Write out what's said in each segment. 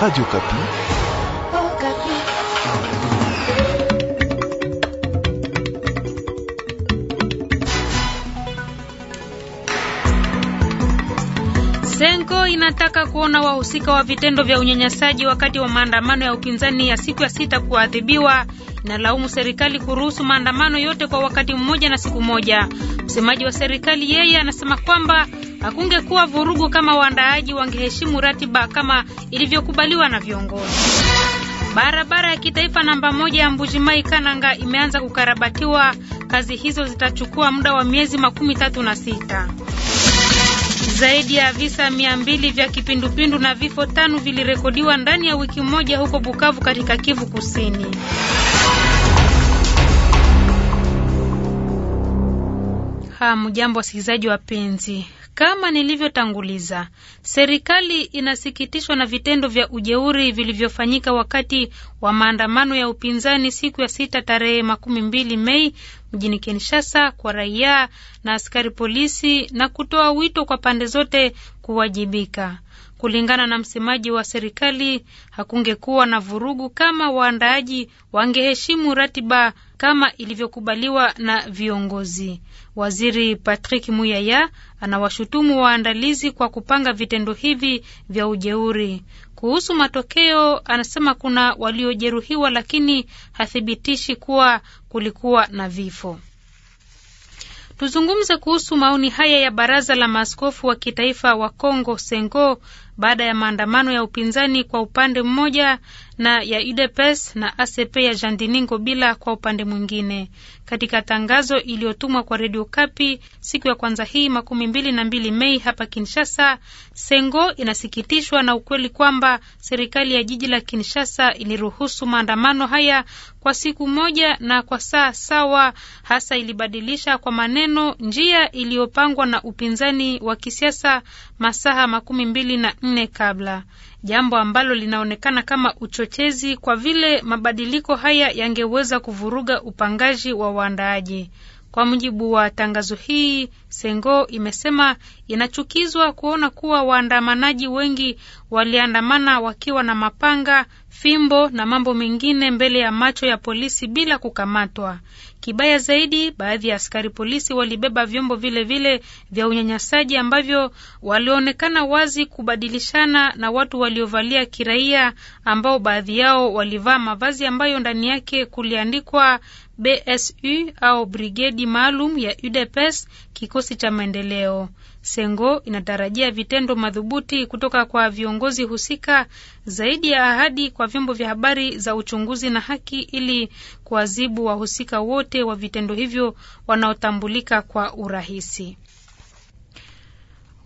Radio Kapi. Oh, Kapi. Senko inataka kuona wahusika wa vitendo vya unyanyasaji wakati wa maandamano ya upinzani ya siku ya sita kuadhibiwa. Inalaumu serikali kuruhusu maandamano yote kwa wakati mmoja na siku moja. Msemaji wa serikali yeye anasema kwamba hakungekuwa vurugu kama waandaaji wangeheshimu ratiba kama ilivyokubaliwa na viongozi. Barabara ya kitaifa namba moja ya Mbujimai Kananga imeanza kukarabatiwa. Kazi hizo zitachukua muda wa miezi makumi tatu na sita. Zaidi ya visa mia mbili vya kipindupindu na vifo tano vilirekodiwa ndani ya wiki moja huko Bukavu katika Kivu Kusini. Hamjambo wasikilizaji wapenzi. Kama nilivyotanguliza, serikali inasikitishwa na vitendo vya ujeuri vilivyofanyika wakati wa maandamano ya upinzani siku ya sita tarehe makumi mbili Mei mjini Kinshasa kwa raia na askari polisi na kutoa wito kwa pande zote kuwajibika. Kulingana na msemaji wa serikali, hakungekuwa na vurugu kama waandaaji wangeheshimu ratiba kama ilivyokubaliwa na viongozi. Waziri Patrick Muyaya anawashutumu waandalizi kwa kupanga vitendo hivi vya ujeuri. Kuhusu matokeo, anasema kuna waliojeruhiwa, lakini hathibitishi kuwa kulikuwa na vifo. Tuzungumze kuhusu maoni haya ya baraza la maaskofu wa kitaifa wa Kongo Sengo baada ya maandamano ya upinzani kwa upande mmoja na ya UDPS na ACP ya Jandiningo bila kwa upande mwingine. Katika tangazo iliyotumwa kwa redio Kapi siku ya kwanza hii makumi mbili na mbili Mei hapa Kinshasa, Sengo inasikitishwa na ukweli kwamba serikali ya jiji la Kinshasa iliruhusu maandamano haya kwa siku moja na kwa saa sawa, hasa ilibadilisha kwa maneno njia iliyopangwa na upinzani wa kisiasa masaha makumi mbili na nne kabla, jambo ambalo linaonekana kama uchochezi kwa vile mabadiliko haya yangeweza kuvuruga upangaji wa waandaaji. Kwa mujibu wa tangazo hii, Sengo imesema inachukizwa kuona kuwa waandamanaji wengi waliandamana wakiwa na mapanga, fimbo na mambo mengine mbele ya macho ya polisi bila kukamatwa. Kibaya zaidi, baadhi ya askari polisi walibeba vyombo vile vile vya unyanyasaji ambavyo walionekana wazi kubadilishana na watu waliovalia kiraia ambao baadhi yao walivaa mavazi ambayo ndani yake kuliandikwa BSU au brigedi maalum ya UDPS kikosi cha maendeleo. Sengo inatarajia vitendo madhubuti kutoka kwa viongozi husika zaidi ya ahadi kwa vyombo vya habari za uchunguzi na haki ili kuwazibu wahusika wote wa vitendo hivyo wanaotambulika kwa urahisi.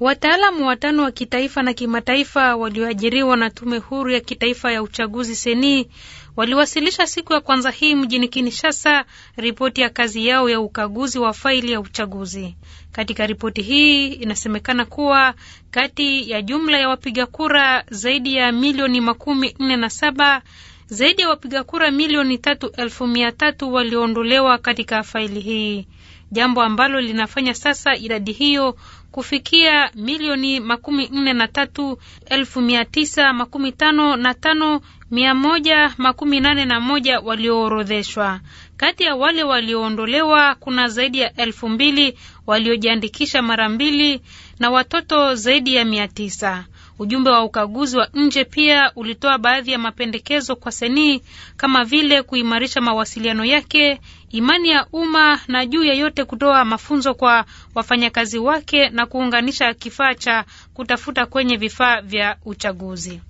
Wataalamu watano wa kitaifa na kimataifa walioajiriwa na tume huru ya kitaifa ya uchaguzi seni waliwasilisha siku ya kwanza hii mjini Kinshasa ripoti ya kazi yao ya ukaguzi wa faili ya uchaguzi. Katika ripoti hii inasemekana kuwa kati ya jumla ya wapiga kura zaidi ya milioni makumi nne na saba zaidi ya wapiga kura milioni tatu elfu mia tatu walioondolewa katika faili hii, jambo ambalo linafanya sasa idadi hiyo kufikia milioni makumi nne na tatu elfu mia tisa makumi tano na tano mia moja makumi nane na moja walioorodheshwa. Kati ya wale walioondolewa kuna zaidi ya elfu mbili waliojiandikisha mara mbili na watoto zaidi ya mia tisa. Ujumbe wa ukaguzi wa nje pia ulitoa baadhi ya mapendekezo kwa Senii kama vile kuimarisha mawasiliano yake imani ya umma na juu yeyote kutoa mafunzo kwa wafanyakazi wake na kuunganisha kifaa cha kutafuta kwenye vifaa vya uchaguzi.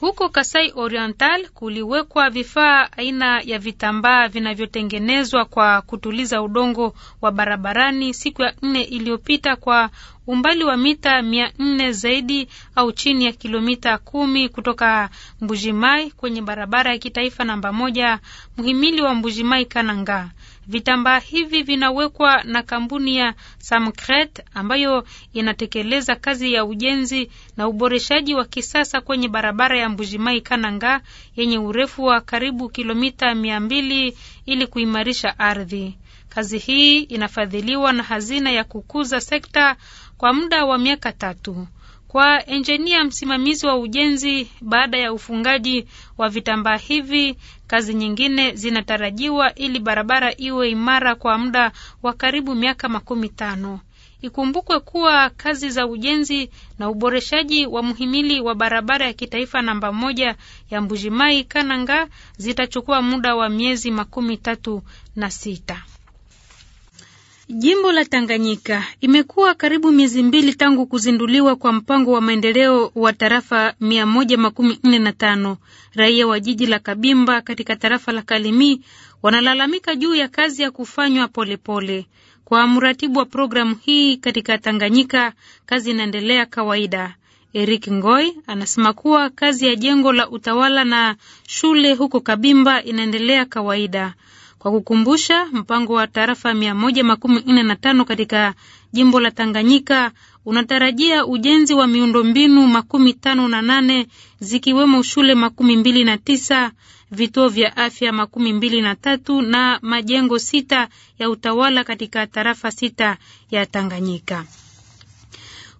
Huko Kasai Oriental kuliwekwa vifaa aina ya vitambaa vinavyotengenezwa kwa kutuliza udongo wa barabarani siku ya nne iliyopita kwa umbali wa mita mia nne zaidi au chini ya kilomita kumi kutoka Mbujimai kwenye barabara ya kitaifa namba moja, mhimili wa Mbujimai Kananga. Vitambaa hivi vinawekwa na kampuni ya Samkret ambayo inatekeleza kazi ya ujenzi na uboreshaji wa kisasa kwenye barabara ya Mbujimai Kananga yenye urefu wa karibu kilomita mia mbili ili kuimarisha ardhi. Kazi hii inafadhiliwa na hazina ya kukuza sekta kwa muda wa miaka tatu kwa enjinia msimamizi wa ujenzi. Baada ya ufungaji wa vitambaa hivi, kazi nyingine zinatarajiwa ili barabara iwe imara kwa muda wa karibu miaka makumi tano. Ikumbukwe kuwa kazi za ujenzi na uboreshaji wa mhimili wa barabara ya kitaifa namba moja ya Mbujimai Kananga zitachukua muda wa miezi makumi tatu na sita. Jimbo la Tanganyika imekuwa karibu miezi mbili tangu kuzinduliwa kwa mpango wa maendeleo wa tarafa 145 Raia wa jiji la Kabimba katika tarafa la kalimi wanalalamika juu ya kazi ya kufanywa polepole Kwa mratibu wa programu hii katika Tanganyika, kazi inaendelea kawaida. Eric Ngoi anasema kuwa kazi ya jengo la utawala na shule huko Kabimba inaendelea kawaida. Kwa kukumbusha, mpango wa tarafa mia moja makumi nne na tano katika jimbo la Tanganyika unatarajia ujenzi wa miundombinu makumi tano na nane zikiwemo shule makumi mbili na tisa vituo vya afya makumi mbili na tatu na majengo sita ya utawala katika tarafa sita ya Tanganyika.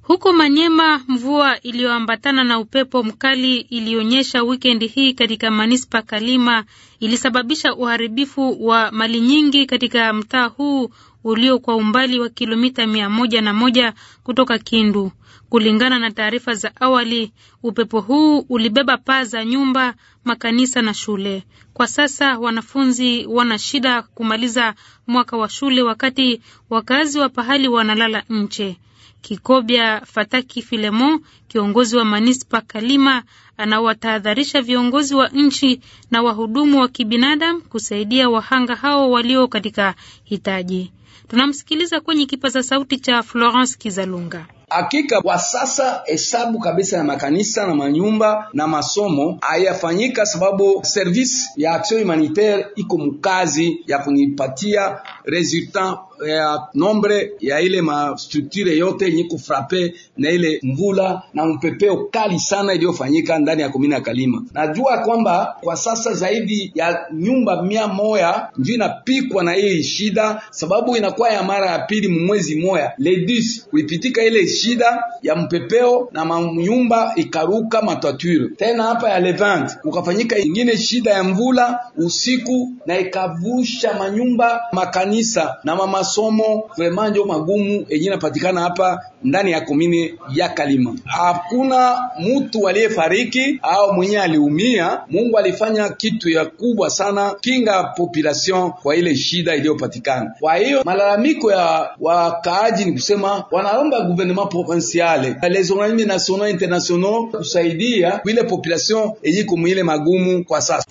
Huko Manyema, mvua iliyoambatana na upepo mkali ilionyesha wikendi hii katika manispa Kalima ilisababisha uharibifu wa mali nyingi katika mtaa huu ulio kwa umbali wa kilomita mia moja na moja kutoka Kindu. Kulingana na taarifa za awali, upepo huu ulibeba paa za nyumba, makanisa na shule. Kwa sasa wanafunzi wana shida kumaliza mwaka wa shule, wakati wakazi wa pahali wanalala nje. Kikobya Fataki Filemon, kiongozi wa manispa Kalima, anawatahadharisha viongozi wa nchi na wahudumu wa kibinadamu kusaidia wahanga hao walio katika hitaji. Tunamsikiliza kwenye kipaza sauti cha Florence Kizalunga. Hakika kwa sasa hesabu kabisa ya makanisa na manyumba na masomo hayafanyika, sababu service ya action humanitaire iko mkazi ya kunipatia resultat ya nombre ya ile mastrukture yote yenye kufrape na ile mvula na mpepeo kali sana iliyofanyika ndani ya komina ya Kalima. Najua kwamba kwa sasa zaidi ya nyumba mia moya ndio inapikwa na hii shida, sababu inakuwa ya mara ya pili mwezi moya ledis kulipitika ile shida ya mpepeo na manyumba ikaruka matature tena hapa ya Levant ukafanyika ingine shida ya mvula usiku na ikavusha manyumba makanisa na mama masomo vraiment ndio magumu yenye inapatikana hapa ndani ya komine ya Kalima. Hakuna mtu aliyefariki au mwenye aliumia. Mungu alifanya kitu ya kubwa sana kinga population kwa ile shida iliyopatikana. Kwa hiyo malalamiko ya wakaaji ni kusema wanaomba gouvernement provinciale les organismes nationaux internationaux kusaidia ile population yenye kumwile magumu kwa sasa.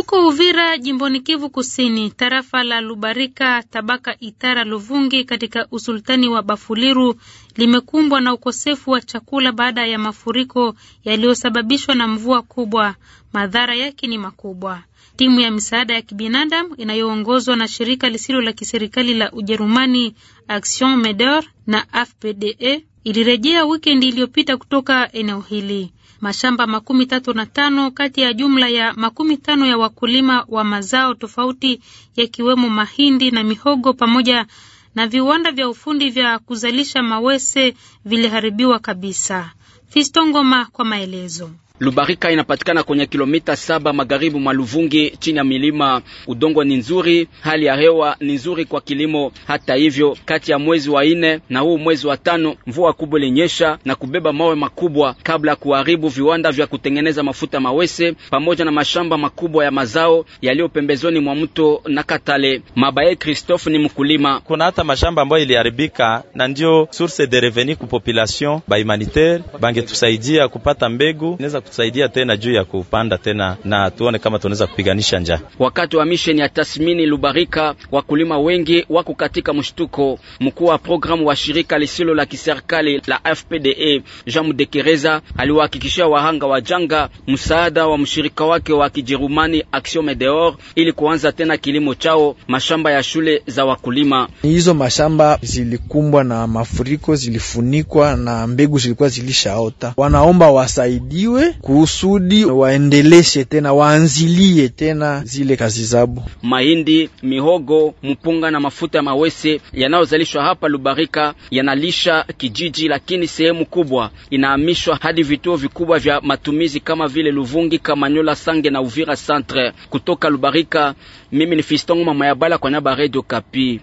Huko Uvira jimboni Kivu Kusini, tarafa la Lubarika, tabaka Itara Luvungi katika usultani wa Bafuliru limekumbwa na ukosefu wa chakula baada ya mafuriko yaliyosababishwa na mvua kubwa. Madhara yake ni makubwa. Timu ya misaada ya kibinadamu inayoongozwa na shirika lisilo la kiserikali la Ujerumani Action Medor na FPDE ilirejea wikendi iliyopita kutoka eneo hili mashamba makumi tatu na tano kati ya jumla ya makumi tano ya wakulima wa mazao tofauti yakiwemo mahindi na mihogo pamoja na viwanda vya ufundi vya kuzalisha mawese viliharibiwa kabisa. fistongoma kwa maelezo. Lubarika inapatikana kwenye kilomita saba magharibi mwa Luvungi chini ya milima. Udongo ni nzuri, hali ya hewa ni nzuri kwa kilimo. Hata hivyo, kati ya mwezi wa ine na huu mwezi wa tano mvua kubwa ilinyesha na kubeba mawe makubwa kabla ya kuharibu viwanda vya kutengeneza mafuta mawese pamoja na mashamba makubwa ya mazao yaliyo pembezoni mwa mto na Katale. Mabaye Christophe ni mkulima. Kuna hata mashamba ambayo iliharibika na ndio source de revenu ku population ba humanitaire bangetusaidia kupata mbegu Neza tusaidia tena juu ya kupanda tena, na tuone kama tunaweza kupiganisha njaa. Wakati wa misheni ya tasmini Lubarika, wakulima wengi wako katika mshtuko. Mkuu wa programu wa shirika lisilo la kiserikali la FPDA e, Jean Mudekereza aliwahakikishia wahanga wa janga msaada wa mshirika wake wa Kijerumani Action Medeor ili kuanza tena kilimo chao, mashamba ya shule za wakulima. Hizo mashamba zilikumbwa na mafuriko, zilifunikwa na mbegu zilikuwa zilishaota, wanaomba wasaidiwe kusudi waendeleshe tena waanzilie tena zile kazi zabo. Mahindi, mihogo, mpunga na mafuta ya mawese yanayozalishwa hapa Lubarika yanalisha kijiji, lakini sehemu kubwa inahamishwa hadi vituo vikubwa vya matumizi kama vile Luvungi, Kamanyola, Sange na Uvira Centre. Kutoka Lubarika, mimi ni Fistongo Mama ya Bala kwa Nyaba, ya Radio Kapi.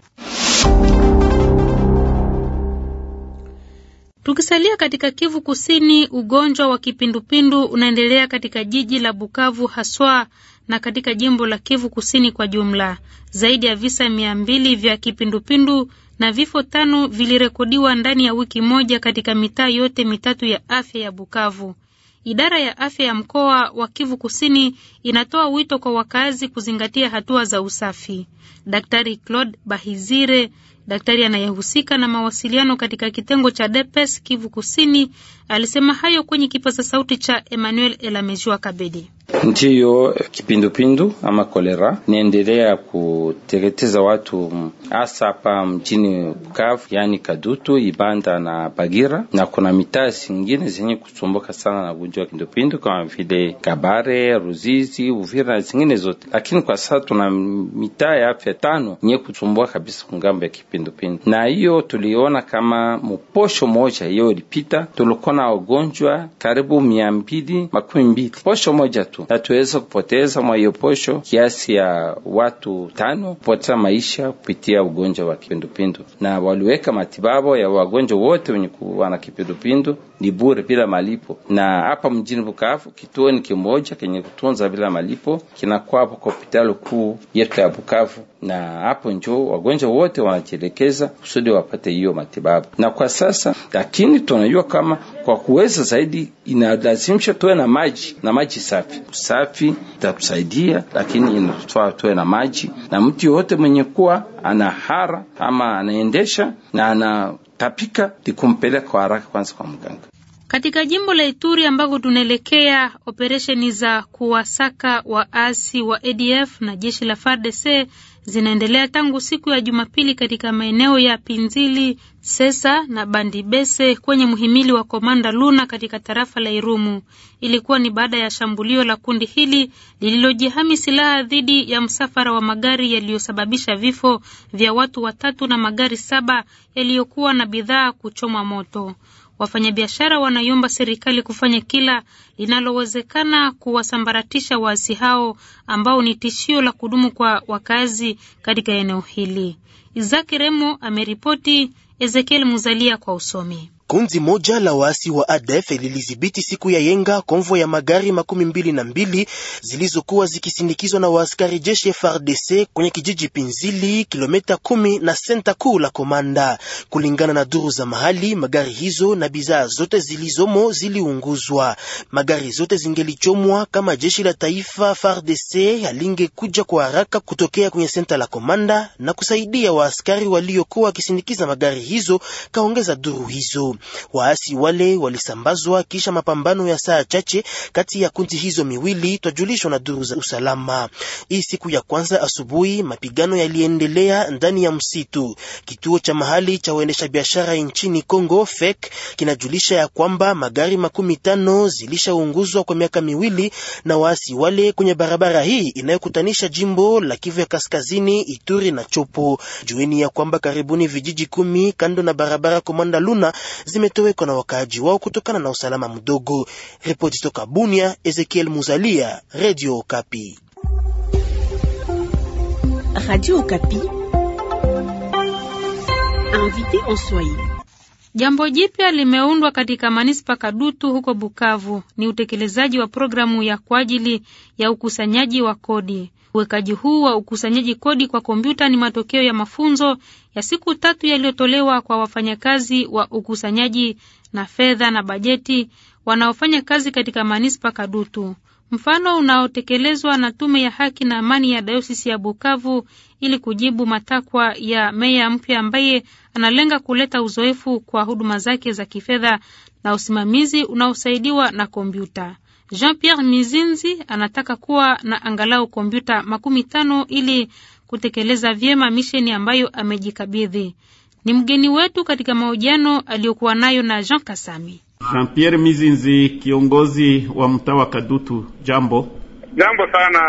Tukisalia katika Kivu Kusini, ugonjwa wa kipindupindu unaendelea katika jiji la Bukavu haswa na katika jimbo la Kivu Kusini kwa jumla. Zaidi ya visa mia mbili vya kipindupindu na vifo tano vilirekodiwa ndani ya wiki moja katika mitaa yote mitatu ya afya ya Bukavu. Idara ya afya ya mkoa wa Kivu Kusini inatoa wito kwa wakazi kuzingatia hatua za usafi. Daktari Claude Bahizire Daktari anayehusika na mawasiliano katika kitengo cha DPS Kivu Kusini alisema hayo kwenye kipaza sauti cha Emmanuel Elamejua Kabedi. Ndiyo, kipindupindu ama kolera niendelea kuteketeza watu hasa hapa mjini Bukavu, yani Kadutu, Ibanda na Bagira, na kuna mitaa zingine zenye kusumbuka sana na ugonjwa wa kipindupindu kama vile Kabare, Ruzizi, Uvira na zingine zote. Lakini kwa sasa tuna mitaa ya afya tano yenye kusumbua kabisa kungambo ya kipindupindu, na hiyo tuliona kama mposho moja hiyo ilipita, tulikuwa na wagonjwa karibu mia mbili makumi mbili posho moja tu tatu na tuweze kupoteza mwayoposho kiasi ya watu tano kupoteza maisha kupitia ugonjwa wa kipindupindu, na waliweka matibabu ya wagonjwa wote wenye kuwa na kipindupindu ni bure bila malipo. Na hapa mjini Bukavu kituo ni kimoja kenye kutunza bila malipo, kinakuwa hapo hospitali kuu yetu ya Bukavu na hapo njo wagonjwa wote wanajielekeza kusudi wapate hiyo matibabu. Na kwa sasa, lakini tunajua kama kwa kuweza zaidi inalazimisha tuwe na maji na maji safi. Safi itatusaidia, lakini inatufaa tuwe na maji, na mtu yoyote mwenye kuwa ana hara ama anaendesha na anatapika, ni kumpeleka kwa haraka kwanza kwa mganga. Katika jimbo la Ituri ambako tunaelekea, operesheni za kuwasaka waasi wa ADF na jeshi la FARDC zinaendelea tangu siku ya Jumapili katika maeneo ya Pinzili, Sesa na Bandibese kwenye mhimili wa Komanda Luna katika tarafa la Irumu. Ilikuwa ni baada ya shambulio la kundi hili lililojihami silaha dhidi ya msafara wa magari yaliyosababisha vifo vya watu watatu na magari saba yaliyokuwa na bidhaa kuchomwa moto. Wafanyabiashara wanaiomba serikali kufanya kila linalowezekana kuwasambaratisha waasi hao ambao ni tishio la kudumu kwa wakazi katika eneo hili. Izaki Remo ameripoti, Ezekiel Muzalia kwa usomi kunzi moja la waasi wa ADF lilidhibiti siku ya yenga konvo ya magari makumi mbili na mbili zilizokuwa zikisindikizwa na waaskari jeshi FARDC kwenye kijiji Pinzili, kilomita kumi na senta kuu la Komanda. Kulingana na duru za mahali, magari hizo na bidhaa zote zilizomo ziliunguzwa. Magari zote zingelichomwa kama jeshi la taifa FARDC halingekuja kwa haraka kutokea kwenye senta la Komanda na kusaidia waaskari waliokuwa wakisindikiza magari hizo, kaongeza duru hizo. Waasi wale walisambazwa kisha mapambano ya saa chache kati ya kundi hizo miwili, twajulishwa na duru za usalama. Hii siku ya kwanza asubuhi, mapigano yaliendelea ndani ya msitu. Kituo cha mahali cha waendesha biashara nchini congo FEC kinajulisha ya kwamba magari makumi tano zilishaunguzwa kwa miaka miwili na waasi wale kwenye barabara hii inayokutanisha jimbo la Kivu ya Kaskazini, Ituri na Chopo. Jueni ya kwamba karibuni vijiji kumi kando na barabara Komanda Luna zimetowekwa na wakaaji wao kutokana na usalama mdogo. Ripoti toka Bunia, Ezekiel Muzalia, Radio Okapi. Okapi. Jambo jipya limeundwa katika manispa Kadutu huko Bukavu ni utekelezaji wa programu ya kwa ajili ya ukusanyaji wa kodi. Uwekaji huu wa ukusanyaji kodi kwa kompyuta ni matokeo ya mafunzo ya siku tatu yaliyotolewa kwa wafanyakazi wa ukusanyaji na fedha na bajeti wanaofanya kazi katika manispa Kadutu, mfano unaotekelezwa na tume ya haki na amani ya dayosisi ya Bukavu ili kujibu matakwa ya meya mpya ambaye analenga kuleta uzoefu kwa huduma zake za kifedha na usimamizi unaosaidiwa na kompyuta. Jean-Pierre Mizinzi anataka kuwa na angalau kompyuta makumi tano ili kutekeleza vyema misheni ambayo amejikabidhi. Ni mgeni wetu katika mahojiano aliyokuwa nayo na Jean Kasami. Jean-Pierre Mizinzi, kiongozi wa mtaa wa Kadutu, jambo. Jambo sana.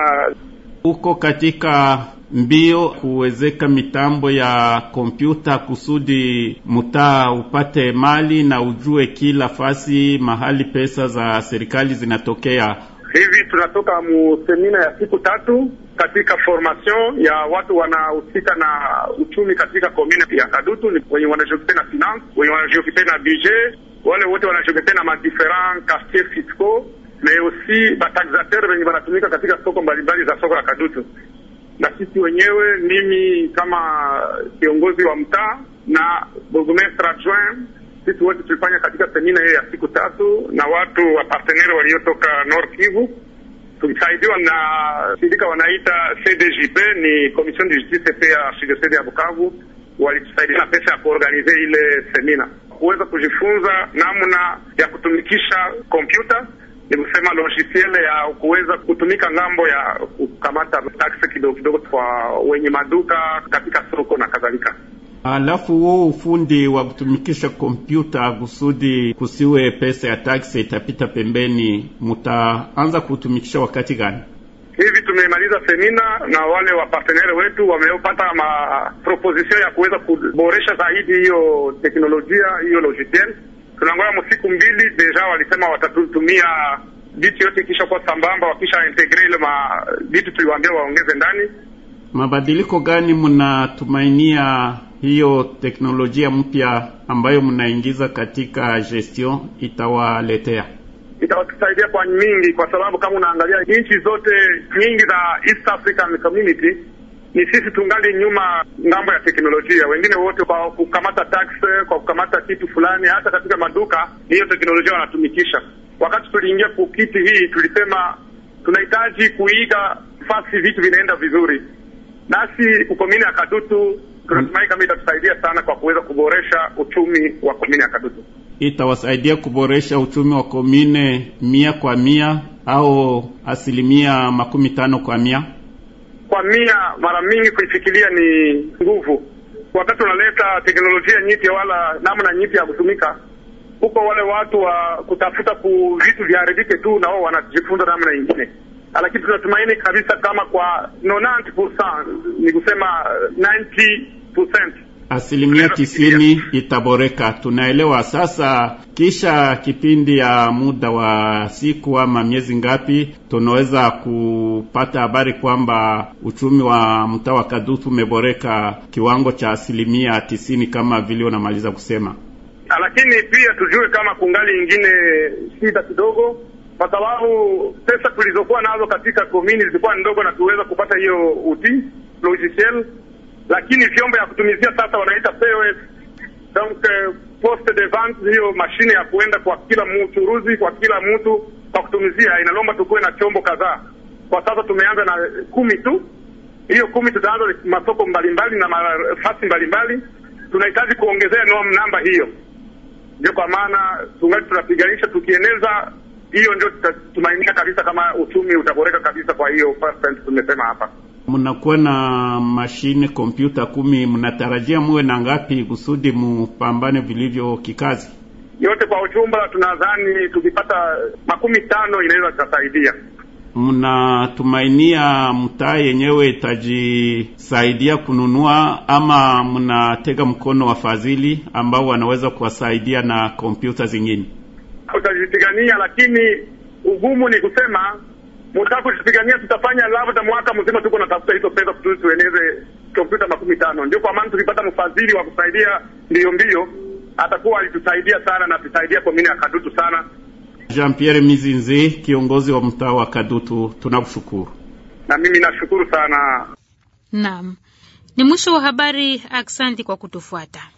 Uko katika mbio kuwezeka mitambo ya kompyuta kusudi mtaa upate mali na ujue kila fasi mahali pesa za serikali zinatokea. Hivi tunatoka mu semina ya siku tatu katika formation ya watu wanahusika na uchumi katika komune ya Kadutu, ni wenye wanajiokipe na finance, wenye wanajiokipe na budget, wale wote wanajiokipe na madifferent quartier fiscaux mais aussi bataxateur wenye wanatumika katika soko mbalimbali za soko la Kadutu na sisi wenyewe, mimi kama kiongozi wa mtaa na burgomestre adjoint, sisi wote tulifanya katika semina hiyo ya siku tatu na watu wa partenere waliotoka North Kivu tulisaidiwa na shirika wanaita CDJP ni Commission de Justice pe ya CDC ya Bukavu, walitusaidia na pesa ya kuorganize ile semina, kuweza kujifunza namna ya kutumikisha kompyuta nimesema logiciel ya kuweza kutumika ng'ambo ya kukamata taksi kidogo kidogo kwa wenye maduka katika soko na kadhalika. Alafu huo ufundi wa kutumikisha kompyuta kusudi kusiwe pesa ya taksi itapita pembeni, mutaanza kutumikisha wakati gani? Hivi tumemaliza semina na wale wapartenere wetu wamepata maproposition ya kuweza kuboresha zaidi hiyo teknolojia hiyo logiciel tunangoja msiku mbili deja, walisema watatutumia vitu yote kisha kwa sambamba, wakisha integre ile ma vitu tuliwaambia waongeze ndani. Mabadiliko gani mnatumainia hiyo teknolojia mpya ambayo mnaingiza katika gestion itawaletea? Itawatusaidia kwa nyingi, kwa sababu kama unaangalia nchi zote nyingi za East African Community ni sisi tungali nyuma ngambo ya teknolojia. Wengine wote kwa kukamata tax, kwa kukamata kitu fulani, hata katika maduka hiyo teknolojia wanatumikisha. Wakati tuliingia kukiti hii, tulisema tunahitaji kuiga fasi vitu vinaenda vizuri, nasi ukomini ya Kadutu tunatumai kama itatusaidia sana kwa kuweza kuboresha uchumi wa komini ya Kadutu. Itawasaidia kuboresha uchumi wa komine mia kwa mia au asilimia makumi tano kwa mia kwa mia mara mingi kuifikiria ni nguvu. Wakati unaleta teknolojia nyipya wala namna nyipya ya kutumika huko, wale watu wa kutafuta ku vitu viharibike tu, na wao wanajifunza namna ingine lakini tunatumaini kabisa kama kwa 90% ni kusema 90% asilimia tisini itaboreka, tunaelewa sasa. Kisha kipindi ya muda wa siku ama miezi ngapi, tunaweza kupata habari kwamba uchumi wa mtaa wa Kadutu umeboreka kiwango cha asilimia tisini kama vile unamaliza kusema? Lakini pia tujue kama kungali ingine shida kidogo kwa sababu pesa tulizokuwa nazo katika komini zilikuwa ndogo, na tuweza kupata hiyo uti logiciel lakini vyombo ya kutumizia sasa wanaita POS, donc euh, poste de vente, hiyo mashine ya kuenda kwa kila mchuruzi, kwa kila mtu kwa kutumizia, inalomba tukuwe na chombo kadhaa. Kwa sasa tumeanza na eh, kumi tu, hiyo kumi tutaanza masoko mbalimbali na nafasi mbalimbali. Tunahitaji kuongezea namba hiyo, ndio kwa maana tungali tunapiganisha, tukieneza hiyo ndio tumainika kabisa kama uchumi utaboreka kabisa. Kwa hiyo tumesema hapa Munakuwa na mashine kompyuta kumi, mnatarajia muwe na ngapi kusudi mupambane vilivyo kikazi? Yote kwa ujumla tunadhani tukipata makumi tano inaweza tukasaidia. Mnatumainia mtaa yenyewe itajisaidia kununua ama mnatega mkono wafadhili ambao wanaweza kuwasaidia na kompyuta zingine? Utajipigania, lakini ugumu ni kusema kutupigania tutafanya labda za mwaka mzima, tuko natafuta hizo pesa tu tueneze kompyuta makumi tano. Ndio kwa maana tukipata mfadhili wa kusaidia ndiyo mbio, atakuwa alitusaidia sana na tusaidia komini ya Kadutu sana. Jean Pierre Mizinzi, kiongozi wa mtaa wa Kadutu, tunakushukuru. Na mimi nashukuru sana. Naam, ni mwisho wa habari. Aksanti kwa kutufuata.